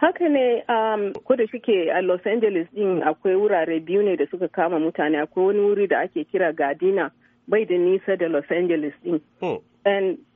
Haka ne um, ko da shike a Los Angeles din akwai wurare biyu ne da suka kama mutane akwai wani wuri da ake kira Gardina bai da nisa da Los Angeles din. Oh.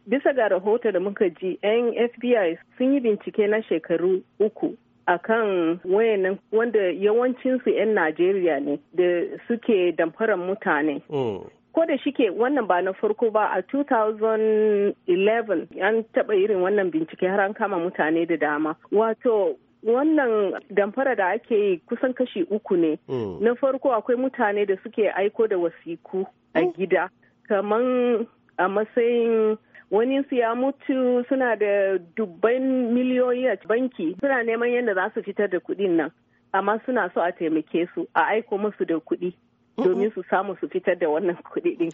bisa ga rahoto da muka ji 'yan FBI sun yi bincike na shekaru uku akan wayannan wanda yawancinsu 'yan Najeriya ne da suke damfarar mutane. Hmm. ko da shike wannan ba na farko ba a 2011 an taɓa irin wannan bincike har an kama mutane da dama wato wannan damfara da ake yi kusan kashi uku ne hmm. na farko akwai mutane da suke aiko da wasiku a hmm. gida kamar a matsayin wani su ya mutu suna da dubban miliyoyi a banki suna neman yadda za su fitar da kuɗin nan amma suna so a taimake su a aiko musu da kuɗi domin su samu su fitar da wannan kuɗi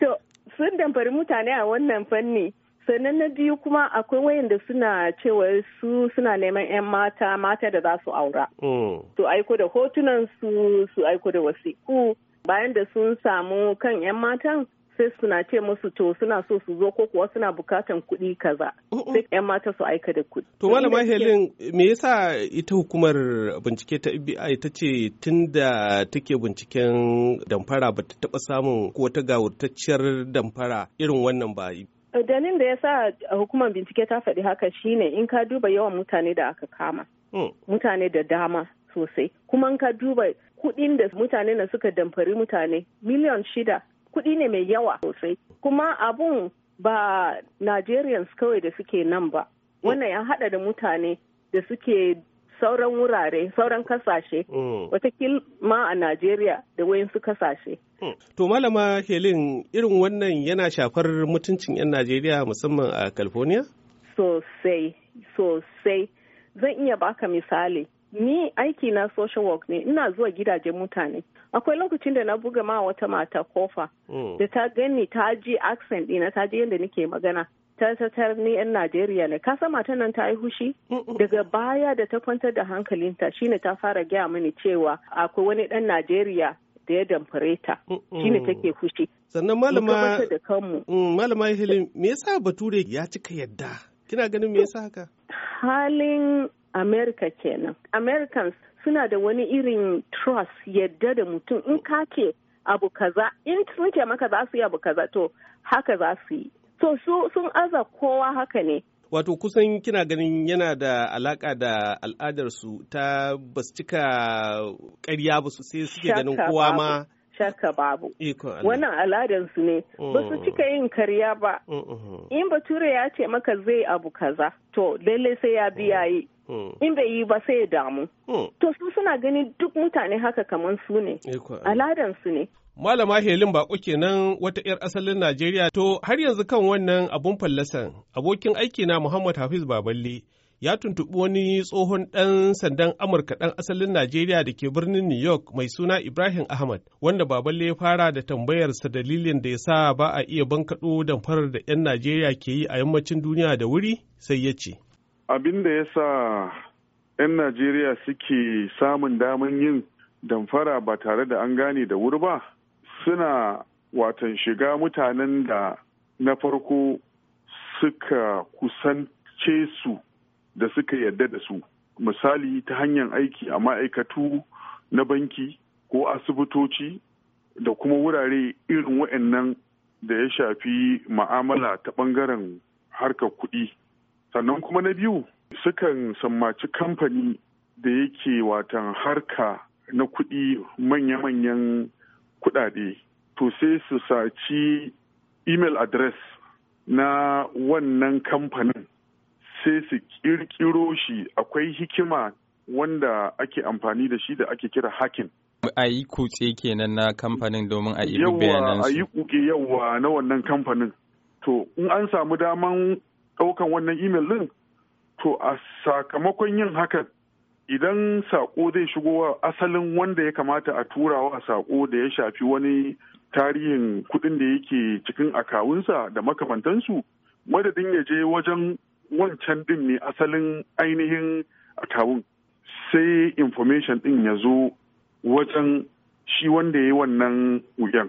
To sun damfari mutane a wannan fanni. Sannan na biyu kuma akwai wayanda suna cewa su suna neman 'yan mata mata da za su aura. Mm. Su aiko da hotunan su su aiko da wasiku bayan da sun samu kan 'yan matan sai suna ce musu to suna so su zo ko kuwa suna bukatan kuɗi kaza sai yan mata su aika da kuɗi. To malama Helen me yasa ita hukumar bincike ta FBI ta ce tunda take binciken damfara ba ta taɓa samun ko ta gawurtacciyar damfara irin wannan ba Danin da yasa sa hukumar bincike ta faɗi haka shine in ka duba yawan mutane da aka kama. Mm. Mutane da dama sosai. Kuma in ka duba kuɗin da mutane na suka damfari mutane miliyan shida kuɗi ne mai yawa sosai kuma abun ba Nigerians kawai da suke nan ba wannan ya haɗa da mutane da suke sauran wurare sauran kasashe mm. watakil ma a Najeriya da wayansu kasashe. Mm. To malama Helen irin wannan yana shafar mutuncin 'yan Najeriya musamman a California? Sosai, sosai. Zan iya baka misali. Ni aiki na social work ne, ina zuwa gidajen mutane. akwai lokacin da na buga ma wata mata kofa hmm. da ta gani ta ji accent dina ta ji yadda nake magana ta tatar ni yan Najeriya ne ka san matan nan ta yi hushi daga baya da ta kwantar da hankalinta shine ta fara gaya mini cewa akwai wani dan Najeriya da ya damfare ta shine take hushi sannan malama da kanmu. Mm, malama Helen me yasa Bature ya cika yadda kina ganin me yasa haka halin America kenan Americans suna da wani irin trust yadda da mutum in kake ce abu kaza in sun ce maka za su yi abu kaza to haka za su yi so sun aza kowa haka ne wato kusan kina ganin yana da alaka da al'adarsu ta basu cika ƙarya ba su sai suke ganin kowa ma shakka babu. Wannan aladansu ne, ba su oh. cika yin karya ba. Mm-hmm. In bature ya ce maka zai abu kaza, to lallai sai ya biya yi. Mm. In bai yi ba sai ya damu. Mm. To su suna gani duk mutane haka kamar su ne, aladansu ne. Malama Helin Bako kenan wata 'yar asalin Najeriya to har yanzu kan wannan abun fallasan abokin aiki na Muhammad Hafiz Baballe ya tuntuɓi wani tsohon ɗan sandan Amurka ɗan asalin Najeriya da ke birnin New York mai suna Ibrahim Ahmad, wanda baballe ya fara da tambayarsa dalilin da ya sa ba a iya bankaɗo damfarar da 'yan Najeriya ke yi a yammacin duniya da wuri sai ya ce. Abin da ya sa 'yan Najeriya suke samun damar yin damfara ba tare da an gane da wuri ba, suna watan shiga mutanen da na farko suka kusance su da suka yarda da su misali ta hanyar aiki a ma'aikatu na banki ko asibitoci da kuma wurare irin waannan da ya shafi ma'amala ta ɓangaren harkar kuɗi sannan kuma na biyu sukan sammaci kamfani da yake watan harka na kuɗi manya-manyan kuɗaɗe to sai su saci email address na wannan kamfanin sai su kirkiro shi akwai hikima wanda ake amfani da shi da ake kira hakin. A yi kutse kenan na kamfanin domin a ibi bayanan su. a yi kuke yawwa na wannan kamfanin. To, in an samu daman ɗaukan wannan imel ɗin, to a sakamakon yin hakan idan saƙo zai shigo wa asalin wanda ya kamata a turawa saƙo da ya shafi wani tarihin kuɗin da yake cikin akawunsa da makamantansu, madadin ya je wajen wancan din ne asalin ainihin akawun sai information din ya zo wajen shi wanda ya yi wannan wuyan